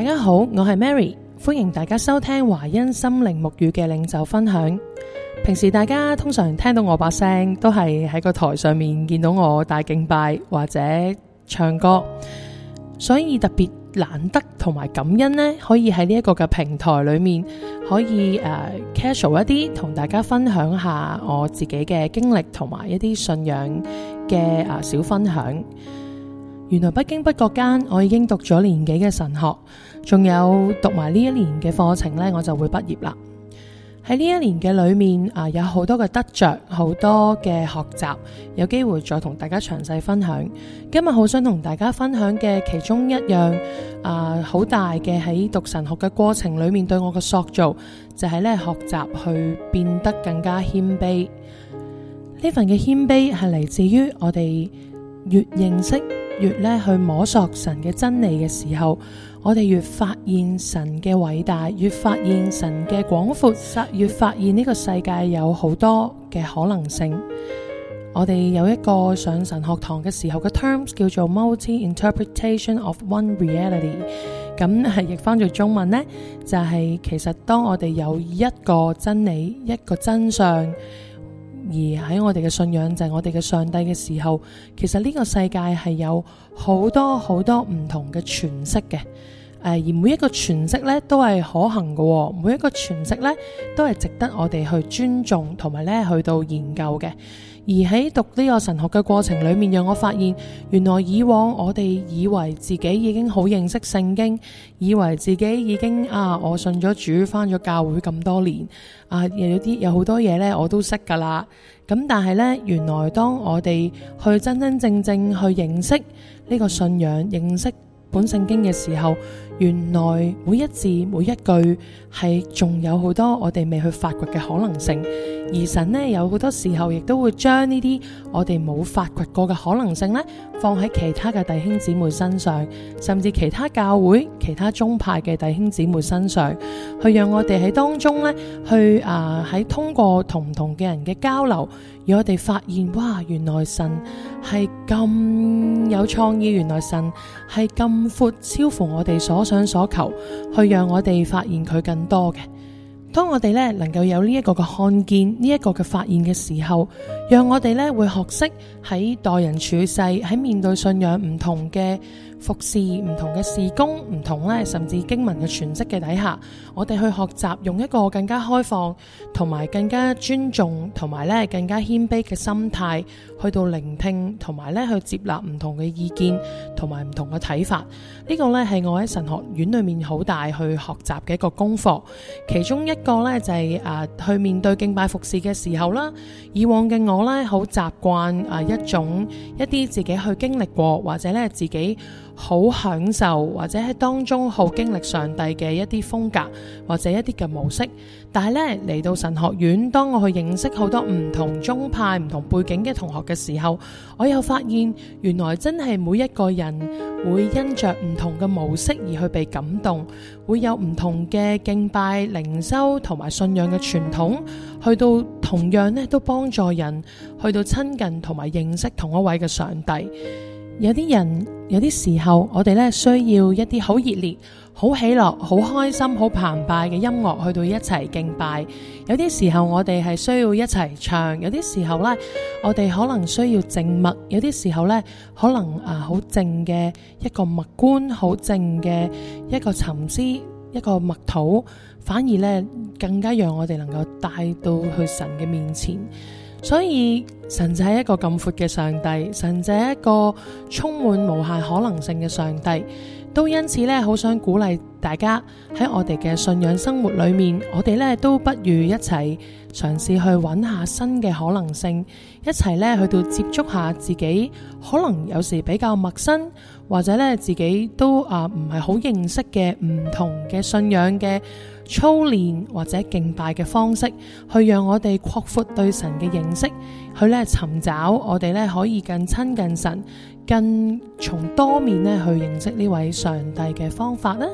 大家好，我係 Mary，歡迎大家收聽華欣心靈沐語嘅領袖分享。平時大家通常聽到我把聲，都係喺個台上面見到我帶敬拜或者唱歌，所以特別難得同埋感恩呢，可以喺呢一個嘅平台裏面，可以誒、uh, casual 一啲，同大家分享下我自己嘅經歷同埋一啲信仰嘅啊、uh, 小分享。原來不經不覺間，我已經讀咗年幾嘅神學，仲有讀埋呢一年嘅課程呢，我就會畢業啦。喺呢一年嘅裏面啊，有好多嘅得着，好多嘅學習，有機會再同大家詳細分享。今日好想同大家分享嘅其中一樣啊，好大嘅喺讀神學嘅過程裏面對我嘅塑造，就係咧學習去變得更加謙卑。呢份嘅謙卑係嚟自於我哋越認識，越咧去摸索神嘅真理嘅時候，我哋越發現神嘅偉大，越發現神嘅廣闊實，越發現呢個世界有好多嘅可能性。我哋有一個上神學堂嘅時候嘅 terms 叫做 multi interpretation of one reality，咁係譯翻做中文呢，就係、是、其實當我哋有一個真理、一個真相。而喺我哋嘅信仰，就係、是、我哋嘅上帝嘅時候，其實呢個世界係有好多好多唔同嘅詮釋嘅，誒、呃，而每一個詮釋咧都係可行嘅，哦，每一個詮釋咧都係值得我哋去尊重同埋咧去到研究嘅。而喺讀呢個神學嘅過程裏面，讓我發現，原來以往我哋以為自己已經好認識聖經，以為自己已經啊，我信咗主，翻咗教會咁多年，啊，有啲有好多嘢呢，我都識噶啦。咁但係呢，原來當我哋去真真正正去認識呢個信仰、認識本聖經嘅時候，原來每一字每一句係仲有好多我哋未去發掘嘅可能性，而神呢，有好多時候亦都會將呢啲我哋冇發掘過嘅可能性呢，放喺其他嘅弟兄姊妹身上，甚至其他教會、其他宗派嘅弟兄姊妹身上，去讓我哋喺當中呢去，啊，喺通過同唔同嘅人嘅交流，而我哋發現，哇！原來神係咁有創意，原來神係咁闊，超乎我哋所上所求，去讓我哋發現佢更多嘅。當我哋咧能夠有呢一個嘅看見，呢一個嘅發現嘅時候，讓我哋咧會學識喺待人處世，喺面對信仰唔同嘅服侍、唔同嘅事工、唔同咧甚至經文嘅詮釋嘅底下，我哋去學習用一個更加開放、同埋更加尊重、同埋咧更加謙卑嘅心態。去到聆聽同埋咧去接納唔同嘅意見同埋唔同嘅睇法，這個、呢個咧係我喺神學院裏面好大去學習嘅一個功課。其中一個咧就係、是、誒、呃、去面對敬拜服侍嘅時候啦。以往嘅我咧好習慣誒一種一啲自己去經歷過或者咧自己。好享受，或者喺當中好經歷上帝嘅一啲風格或者一啲嘅模式。但係呢，嚟到神學院，當我去認識好多唔同宗派、唔同背景嘅同學嘅時候，我又發現原來真係每一個人會因着唔同嘅模式而去被感動，會有唔同嘅敬拜、靈修同埋信仰嘅傳統，去到同樣呢都幫助人去到親近同埋認識同一位嘅上帝。有啲人，有啲時候，我哋咧需要一啲好熱烈、好喜樂、好開心、好澎湃嘅音樂去到一齊敬拜；有啲時候我哋係需要一齊唱；有啲時候咧，我哋可能需要靜默；有啲時候咧，可能啊好靜嘅一個默觀，好靜嘅一個沉思，一個默禱，反而咧更加讓我哋能夠帶到去神嘅面前。所以神就係一個咁闊嘅上帝，神就係一個充滿無限可能性嘅上帝，都因此咧好想鼓勵。大家喺我哋嘅信仰生活裏面，我哋咧都不如一齊嘗試去揾下新嘅可能性，一齊咧去到接觸下自己可能有時比較陌生或者咧自己都啊唔係好認識嘅唔同嘅信仰嘅操練或者敬拜嘅方式，去讓我哋擴闊對神嘅認識，去咧尋找我哋咧可以更親近神、更從多面咧去認識呢位上帝嘅方法咧。